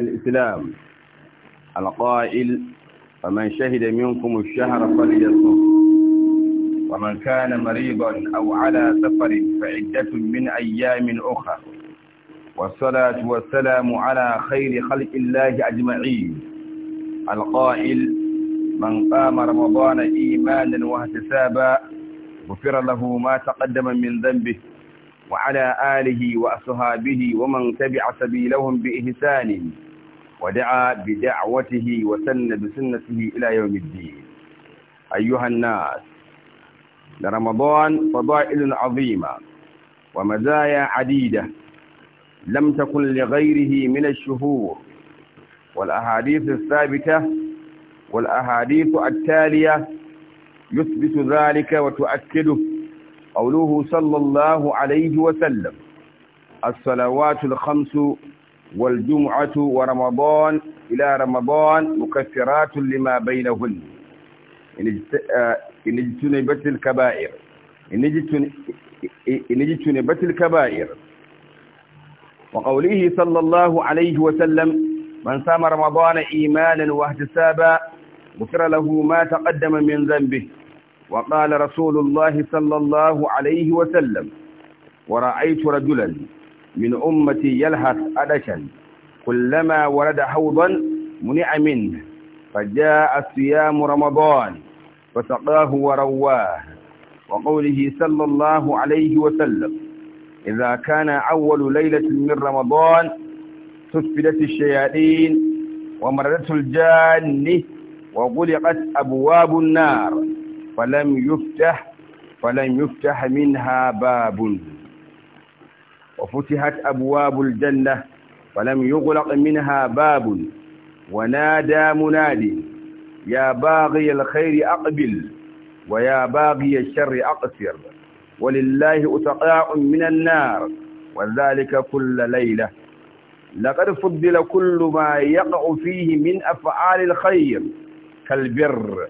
الإسلام القائل فمن شهد منكم الشهر فليصوم ومن كان مريضا أو على سفر فعدة من أيام أخر والصلاة والسلام على خير خلق الله أجمعين القائل من قام رمضان إيمانا واحتسابا غفر له ما تقدم من ذنبه وعلى آله وأصحابه ومن تبع سبيلهم بإحسان ودعا بدعوته وسن بسنته إلى يوم الدين أيها الناس لرمضان فضائل عظيمة ومزايا عديدة لم تكن لغيره من الشهور والأحاديث الثابتة والأحاديث التالية يثبت ذلك وتؤكده قوله صلى الله عليه وسلم الصلوات الخمس والجمعة ورمضان إلى رمضان مكفرات لما بينهن إن آه، اجتنبت الكبائر إن اجتنبت الكبائر وقوله صلى الله عليه وسلم من صام رمضان إيمانا واحتسابا غفر له ما تقدم من ذنبه وقال رسول الله صلى الله عليه وسلم ورأيت رجلا من أمتي يلهث أدشا كلما ورد حوضا منع منه فجاء صيام رمضان فسقاه ورواه وقوله صلى الله عليه وسلم إذا كان أول ليلة من رمضان سفلت الشياطين ومردت الجان وغلقت أبواب النار فلم يفتح فلم يفتح منها باب وفتحت أبواب الجنة فلم يغلق منها باب ونادى منادي يا باغي الخير أقبل ويا باغي الشر أقصر ولله أتقاء من النار وذلك كل ليلة لقد فضل كل ما يقع فيه من أفعال الخير كالبر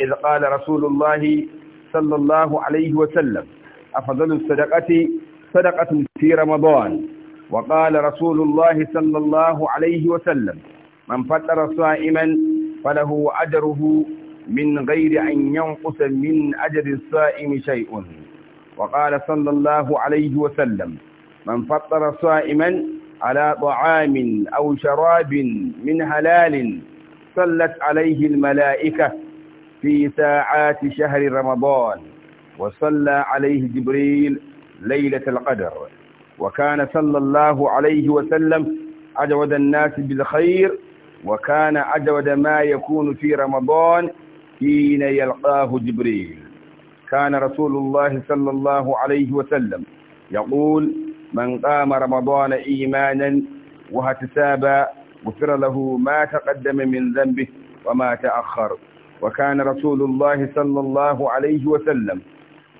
إذ قال رسول الله صلى الله عليه وسلم أفضل الصدقة صدقة في رمضان وقال رسول الله صلى الله عليه وسلم من فطر صائما فله أجره من غير أن ينقص من أجر الصائم شيء وقال صلى الله عليه وسلم من فطر صائما على طعام أو شراب من حلال صلت عليه الملائكة في ساعات شهر رمضان وصلى عليه جبريل ليلة القدر وكان صلى الله عليه وسلم أجود الناس بالخير وكان أجود ما يكون في رمضان حين يلقاه جبريل كان رسول الله صلى الله عليه وسلم يقول من قام رمضان إيمانا وهتسابا غفر له ما تقدم من ذنبه وما تأخر وكان رسول الله صلى الله عليه وسلم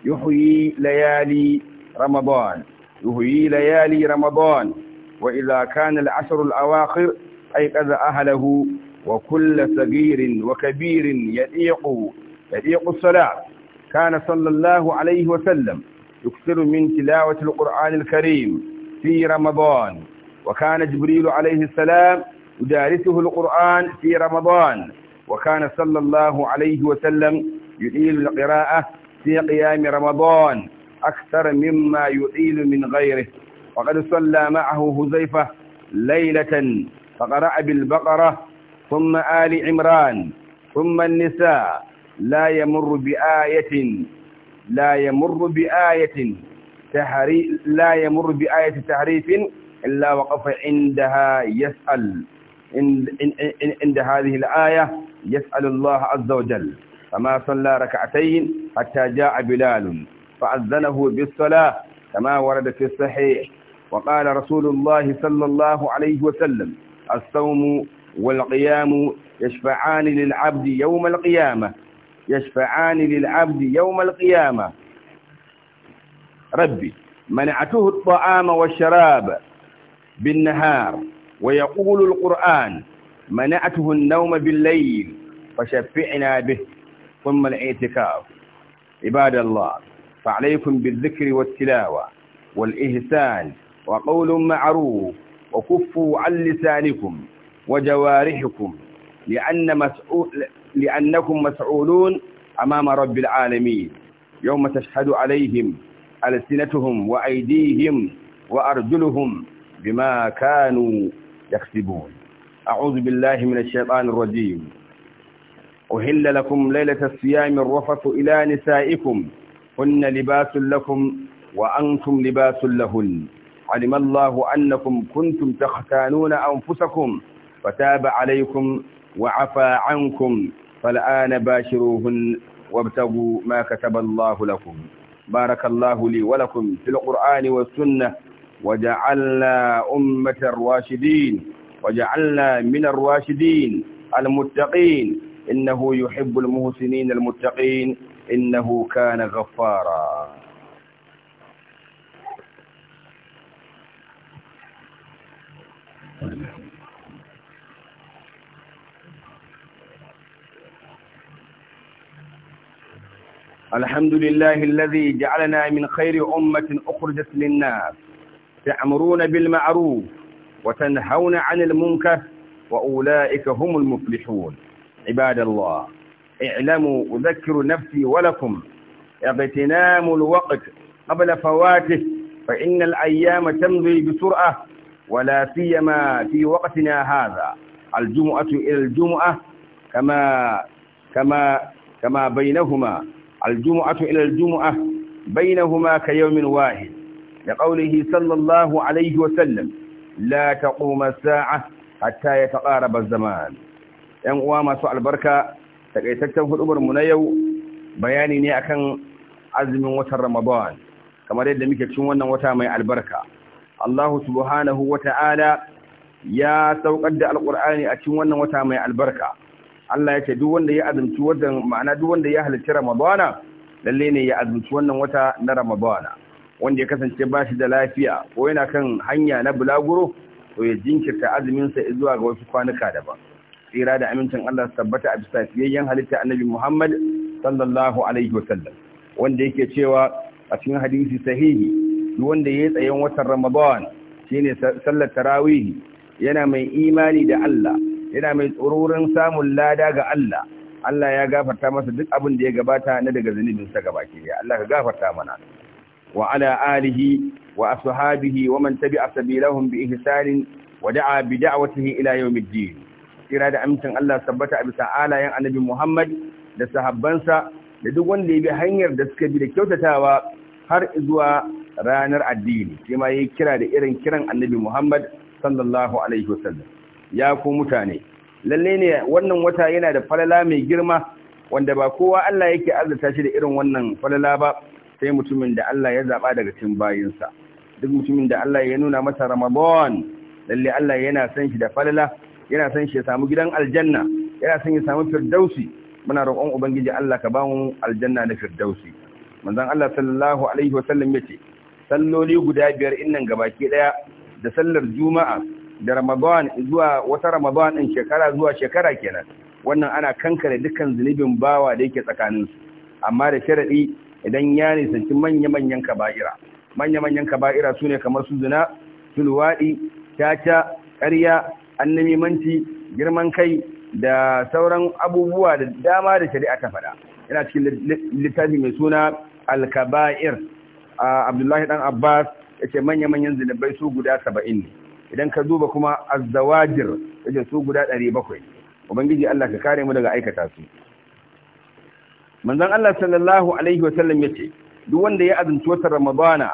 يحيي ليالي رمضان يهوي ليالي رمضان وإذا كان العشر الأواخر أيقظ أهله وكل صغير وكبير يليق يليق الصلاة كان صلى الله عليه وسلم يكثر من تلاوة القرآن الكريم في رمضان وكان جبريل عليه السلام يدارسه القرآن في رمضان وكان صلى الله عليه وسلم يديل القراءة في قيام رمضان أكثر مما يعيل من غيره وقد صلى معه هزيفة ليلة فقرأ بالبقرة ثم آل عمران ثم النساء لا يمر بآية لا يمر بآية لا يمر بآية تحريف إلا وقف عندها يسأل عند هذه الآية يسأل الله عز وجل فما صلى ركعتين حتى جاء بلال فأذنه بالصلاة كما ورد في الصحيح وقال رسول الله صلى الله عليه وسلم الصوم والقيام يشفعان للعبد يوم القيامة يشفعان للعبد يوم القيامة ربي منعته الطعام والشراب بالنهار ويقول القرآن منعته النوم بالليل فشفعنا به ثم الاعتكاف عباد الله فعليكم بالذكر والتلاوة والإهسان وقول معروف وكفوا عن لسانكم وجوارحكم لأن مسؤول لأنكم مسؤولون أمام رب العالمين يوم تشهد عليهم ألسنتهم وأيديهم وأرجلهم بما كانوا يكسبون أعوذ بالله من الشيطان الرجيم أهل لكم ليلة الصيام الرفث إلى نسائكم هن لباس لكم وأنتم لباس لهن علم الله أنكم كنتم تختانون أنفسكم فتاب عليكم وعفى عنكم فالآن باشروهن وابتغوا ما كتب الله لكم بارك الله لي ولكم في القرآن والسنة وجعلنا أمة الراشدين وجعلنا من الراشدين المتقين إنه يحب المحسنين المتقين إنه كان غفارا الحمد لله الذي جعلنا من خير أمة أخرجت للناس تأمرون بالمعروف وتنهون عن المنكر وأولئك هم المفلحون عباد الله اعلموا أذكر نفسي ولكم اغتنام الوقت قبل فواته فإن الأيام تمضي بسرعة ولا سيما في وقتنا هذا الجمعة إلى الجمعة كما كما كما بينهما الجمعة إلى الجمعة بينهما كيوم واحد لقوله صلى الله عليه وسلم لا تقوم الساعة حتى يتقارب الزمان ‘yan uwa سؤال albarka takaitaccen hudubar mu na yau bayani ne akan azumin watan Ramadan kamar yadda muke cikin wannan wata mai albarka Allah subhanahu wata'ala ya saukar da alqur'ani a cikin wannan wata mai albarka Allah ya ce duk wanda ya azumci wannan ma'ana duk wanda ya halarci Ramadana lalle ne ya azumci wannan wata na Ramadana wanda ya kasance ba shi da lafiya ko yana kan hanya na bulaguro to ya jinkirta azumin sa zuwa ga wasu kwanuka daban tsira da amincin Allah su tabbata a bisa fiyayyen halitta annabi Muhammad sallallahu alaihi wasallam wanda yake cewa a cikin hadisi sahihi duk wanda yayi tsayen watan Ramadan shine sallar tarawih yana mai imani da Allah yana mai tsororin samun lada ga Allah Allah ya gafarta masa duk abin da ya gabata na daga zunubin sa gabaki ya Allah ka gafarta mana wa ala alihi wa ashabihi wa man tabi'a sabilahum bi ihsanin wa da'a bi da'watihi ila tsira da amincin Allah sabbata a bisa alayen annabi Muhammad da sahabbansa da duk wanda ya bi hanyar da suka bi da kyautatawa har zuwa ranar addini sai ma yayi kira da irin kiran annabi Muhammad sallallahu alaihi wasallam ya ku mutane lalle ne wannan wata yana da falala mai girma wanda ba kowa Allah yake azurta shi da irin wannan falala ba sai mutumin da Allah ya zaba daga cikin bayinsa duk mutumin da Allah ya nuna masa Ramadan lalle Allah yana san shi da falala yana son shi ya samu gidan aljanna yana son ya samu firdausi muna roƙon ubangiji Allah ka ba mu aljanna na firdausi manzon Allah sallallahu alaihi wa sallam yace salloli guda biyar innan gabaki daya da sallar juma'a da ramadan zuwa wata ramadan din shekara zuwa shekara kenan wannan ana kankare dukkan zunubin bawa da yake tsakanin su amma da sharadi idan ya nisanci manya-manyan kaba'ira manya-manyan kaba'ira sune kamar su zina su luwaɗi caca ƙarya annamimanci girman kai da sauran abubuwa da dama da shari'a ta faɗa yana cikin littafi mai suna al-kaba'ir abdullahi dan abbas yace manya-manyan zinubai su guda saba'in ne idan ka duba kuma azzawajir yace su guda ɗari bakwai ubangiji allah ka kare mu daga aikata su manzon allah sallallahu alaihi wasallam yace duk wanda ya azumci watan ramadana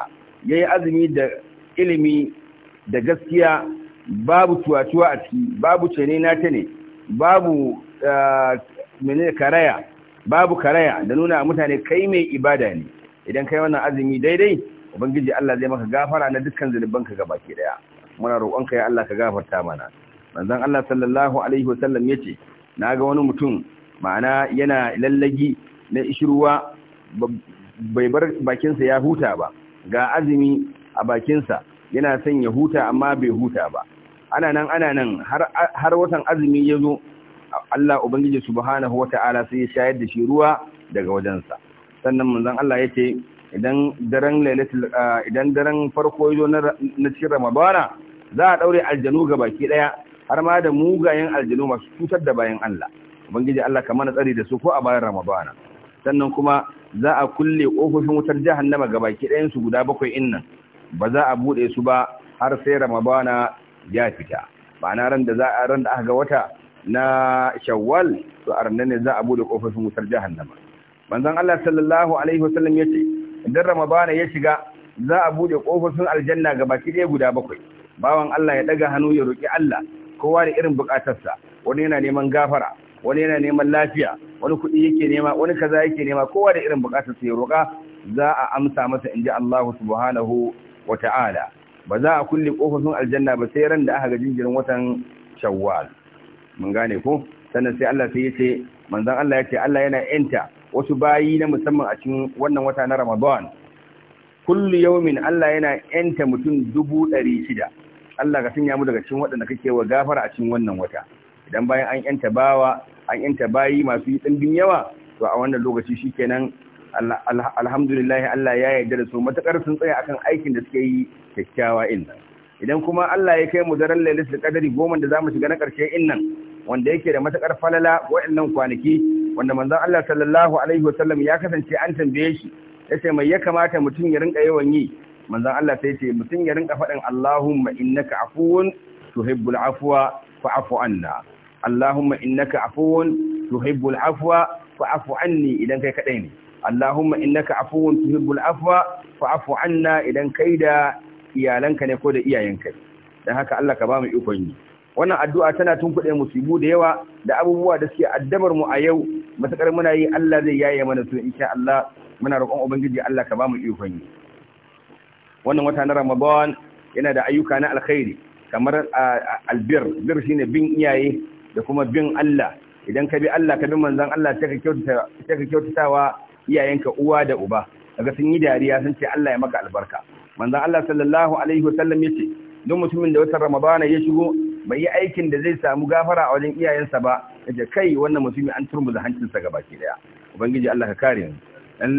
ya yi azumi da ilimi da gaskiya babu tuwatuwa a ciki babu cene na ta ne babu ah, karaya babu karaya da nuna mutane kai mai ibada ne idan kai wannan azumi daidai ubangiji Allah zai maka gafara na dukkan zunubanka gabaki daya muna roƙonka ya Allah ka gafarta mana manzon Allah sallallahu alaihi wasallam yace naga wani mutum ma'ana yana lallagi na ishruwa bai bar bakinsa ya huta ba ga azumi a bakin sa yana son ya huta amma bai huta ba ana nan ana nan har watan azumi ya zo Allah Ubangiji subhanahu wata'ala sai ya shayar da shi ruwa daga wajensa sannan manzon Allah ya ce idan daren lailatul idan daren farko ya zo na cikin Ramadana za a daure aljanu ga baki daya har ma da mugayen aljanu masu cutar da bayan Allah Ubangiji Allah kamar na tsari da su ko a bayan Ramadana sannan kuma za a kulle kofofin wutar jahannama ga baki dayansu su guda bakwai innan ba za a bude su ba har sai Ramadana ya fita ma'ana ran da za a aka ga wata na shawwal to a ranar ne za a bude kofofin wutar jahannama manzon Allah sallallahu alaihi wasallam yace idan ramadana ya shiga za a bude kofofin aljanna ga baki ɗaya guda bakwai bawan Allah ya ɗaga hannu ya roki Allah kowa da irin bukatarsa wani yana neman gafara wani yana neman lafiya wani kuɗi yake nema wani kaza yake nema kowa da irin bukatarsa ya roka za a amsa masa in ji Allah subhanahu wa ta'ala ba za a kulle kofofin aljanna ba sai ran da aka ga jinjirin watan shawwal mun gane ko sannan sai Allah sai yace manzon Allah yace Allah yana enta wasu bayi na musamman a cikin wannan wata na Ramadan kullu yawmin Allah yana yanta mutum 600 Allah ka sanya mu daga cikin waɗanda kake wa gafara a cikin wannan wata idan bayan an yanta bawa an yanta bayi masu yi dimbin yawa to a wannan lokaci shikenan alhamdulillah Allah ya yarda da su matakar sun tsaya akan aikin da suke yi kyakkyawa in idan kuma Allah ya kai mu daren lailatul qadari goma da zamu shiga na karshe in nan wanda yake da matakar falala wa'annan kwanaki wanda manzon Allah sallallahu alaihi wasallam ya kasance an tambaye shi yace mai ya kamata mutum ya rinka yawan yi manzon Allah sai ce mutum ya rinka faɗin Allahumma innaka afuwun tuhibbul afwa fa'fu anna Allahumma innaka afuwun tuhibbul afwa fa'fu anni idan kai kadai ne Allahumma innaka afuwun tuhibbul afwa fa'fu anna idan kai da iyalanka ne ko da iyayenka ne? dan haka Allah ka ba mu ikon yi wannan addu'a tana tunkuɗe musibu da yawa da abubuwa da suke addabar mu a yau matakar muna yi Allah zai yaye mana su insha Allah muna roƙon ubangiji Allah ka ba mu ikon yi wannan wata na Ramadan yana da ayyuka na alkhairi kamar albir bir shine bin iyaye da kuma bin Allah idan ka bi Allah ka bi manzon Allah sai ka kyautatawa iyayenka uwa da uba kaga sun yi dariya sun ce Allah ya maka albarka manzan Allah sallallahu alaihi wasallam yace duk mutumin da watan ramadana ya shigo bai yi aikin da zai samu gafara a wajen iyayensa ba yace kai wannan mutumin an turmu da hancinsa gaba ke daya ubangiji Allah ka kare mu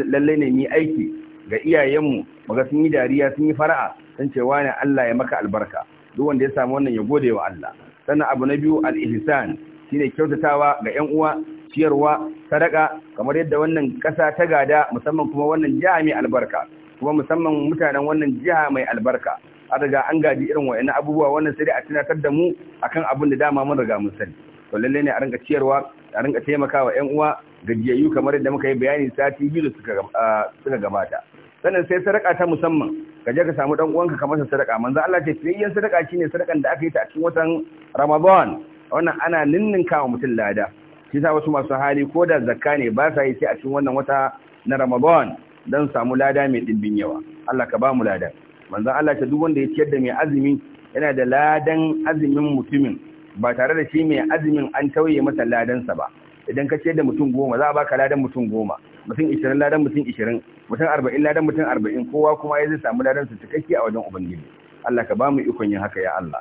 lalle ne mu aiki ga iyayenmu maga sun yi dariya sun yi fara'a sun ce wani Allah ya maka albarka duk wanda ya samu wannan ya gode wa Allah sannan abu na biyu al-ihsan shine kyautatawa ga 'yan uwa ciyarwa sadaka kamar yadda wannan ƙasa ta gada musamman kuma wannan jami'a albarka kuma musamman mutanen wannan jiha mai albarka A riga an gaji irin wa'ina abubuwa wannan sai dai a tunatar da mu akan abin da dama mun riga mun sani to lalle ne a rinka ciyarwa a rinka taimakawa ƴan uwa gajiyayyu kamar yadda muka yi bayani sati biyu da suka ah, suka gabata sannan sai sadaka ta musamman ka je ka samu dan uwanka ka masa sadaka manzo Allah ce fiyayyen sadaka shine sadakan da aka yi ta a cikin watan Ramadan wannan ana ninninka wa mutum lada shi sa wasu masu hali ko da zakka ne ba sa yi sai a cikin wannan wata na Ramadan dan samu lada mai dimbin yawa Allah ka ba mu lada manzon Allah ta duk wanda ya ciyar da mai azumi yana da ladan azumin mutumin ba tare da shi mai azumin an tauye masa ladansa ba idan ka ciyar da mutum goma za a baka ladan mutum goma mutum ishirin ladan mutum ishirin mutum arba'in ladan mutum arba'in kowa kuma ya zai samu ladan su cikakke a wajen ubangiji Allah ka ba mu ikon yin haka ya Allah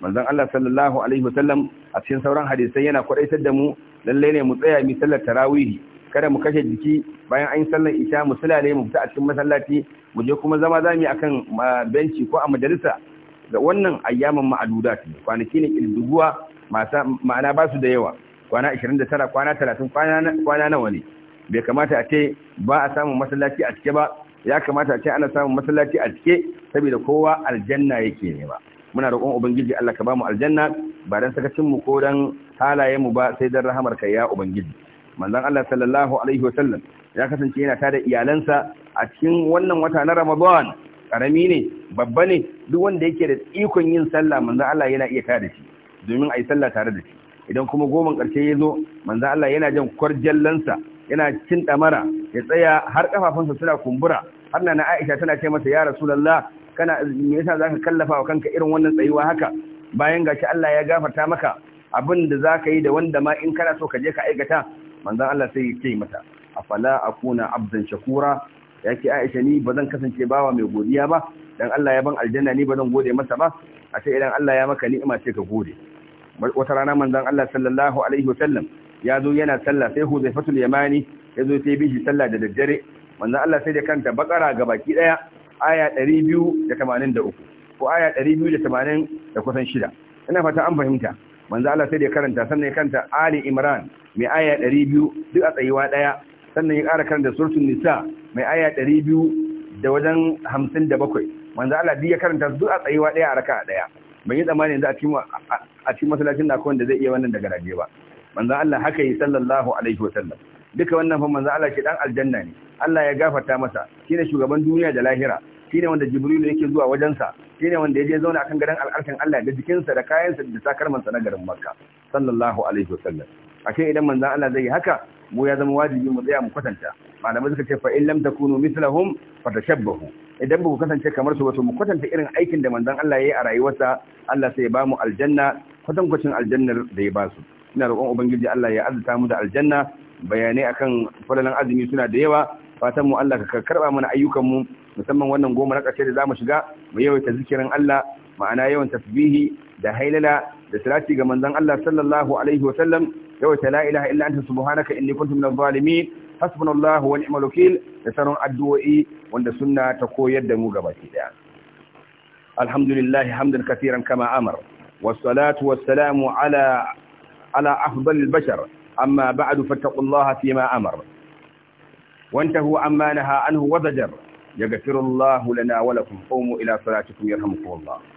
manzon Allah sallallahu alaihi wasallam a cikin sauran hadisai yana kwadaitar da mu lalle ne mu tsaya mi sallar tarawih kada mu kashe jiki bayan an yi sallar isha mu sulale mu fita a cikin masallaci mu je kuma zama zami akan benci ko a majalisa da wannan ayyaman ma'adudat kwanaki ne kilduguwa ma'ana ba su da yawa kwana 29 kwana 30 kwana nawa ne bai kamata a ce ba a samun masallaci a cike ba ya kamata a ce ana samun masallaci a cike saboda kowa aljanna yake ne ba muna roƙon ubangiji Allah ka bamu aljanna ba dan sakacin mu ko dan halayen mu ba sai dan rahamar ka ya ubangiji Manzan Allah sallallahu alaihi wasallam ya kasance yana tada iyalansa a cikin wannan wata na Ramadan karami ne babba ne duk wanda yake da ikon yin sallah manzon Allah yana iya da shi domin a yi sallah tare da shi idan kuma goman karshe ya zo manzan Allah yana jan kwarjallansa yana cin ɗamara, ya tsaya har kafafunsa suna kumbura har na Aisha tana ce masa ya Rasulullah kana me yasa zaka kallafa wa kanka irin wannan tsayuwa haka bayan gashi Allah ya gafarta maka abin da zaka yi da wanda ma in kana so ka je ka aikata Manzan Allah sai ya ce mata afala akuna abdan shakura yake Aisha ni bazan kasance bawa mai godiya ba dan Allah ya ban aljanna ni bazan gode masa ba a ce idan Allah ya maka ni'ima ce ka gode wata rana manzan Allah sallallahu alaihi wasallam ya zo yana sallah sai Huzaifatul Yamani ya zo sai bishi sallah da daddare manzon Allah sai da kanta bakara ga baki daya aya 283 ko aya 286 da shida ina fata an fahimta manzo Allah sai da karanta sannan ya karanta Ali Imran mai aya 200 duk a tsayuwa daya sannan ya ƙara karanta suratul Nisa mai aya 200 da wajen 57 manzo Allah duk ya karanta duk a tsayuwa daya a raka'a daya ban yi tsammani yanzu a cikin a cikin masallacin da akwai zai iya wannan da rage ba manzo Allah haka yi sallallahu alaihi wasallam duka wannan fa manzo Allah shi dan aljanna ne Allah ya gafarta masa shine shugaban duniya da lahira shine wanda Jibril yake zuwa wajensa shine wanda ya je zauna kan garin al'arshin Allah da jikinsa da kayansa da takarmansa na garin Makka sallallahu alaihi wasallam ashe idan manzon Allah zai yi haka mu ya zama wajibi mu tsaya mu kwatanta malamai suka ce fa in lam takunu mithlahum fatashabbahu idan ba ku kasance kamar su ba to mu kwatanta irin aikin da manzon Allah ya yi a rayuwarsa Allah sai ya ba mu aljanna kwatankwacin aljannar da ya ba su ina roƙon ubangiji Allah ya azata mu da aljanna bayanai akan fadalan azumi suna da yawa fatan mu Allah ka karba mana ayyukan mu musamman wannan goma na ƙarshe da zamu shiga mu yawaita zikirin Allah ma'ana yawan tasbihi da hailala da salati ga manzon Allah sallallahu alaihi wa sallam yawaita la ilaha illa anta subhanaka inni kuntu minaz zalimin hasbunallahu wa ni'mal wakeel da sanan addu'o'i wanda sunna ta koyar da mu gaba ki daya alhamdulillah hamdan kaseeran kama amara والصلاة والسلام على على أفضل البشر أما بعد فاتقوا الله فيما أمر وانتهوا عما نهى عنه وزجر yaga firin Allah hulana walakun homo ila salatikun yarhamukun Allah.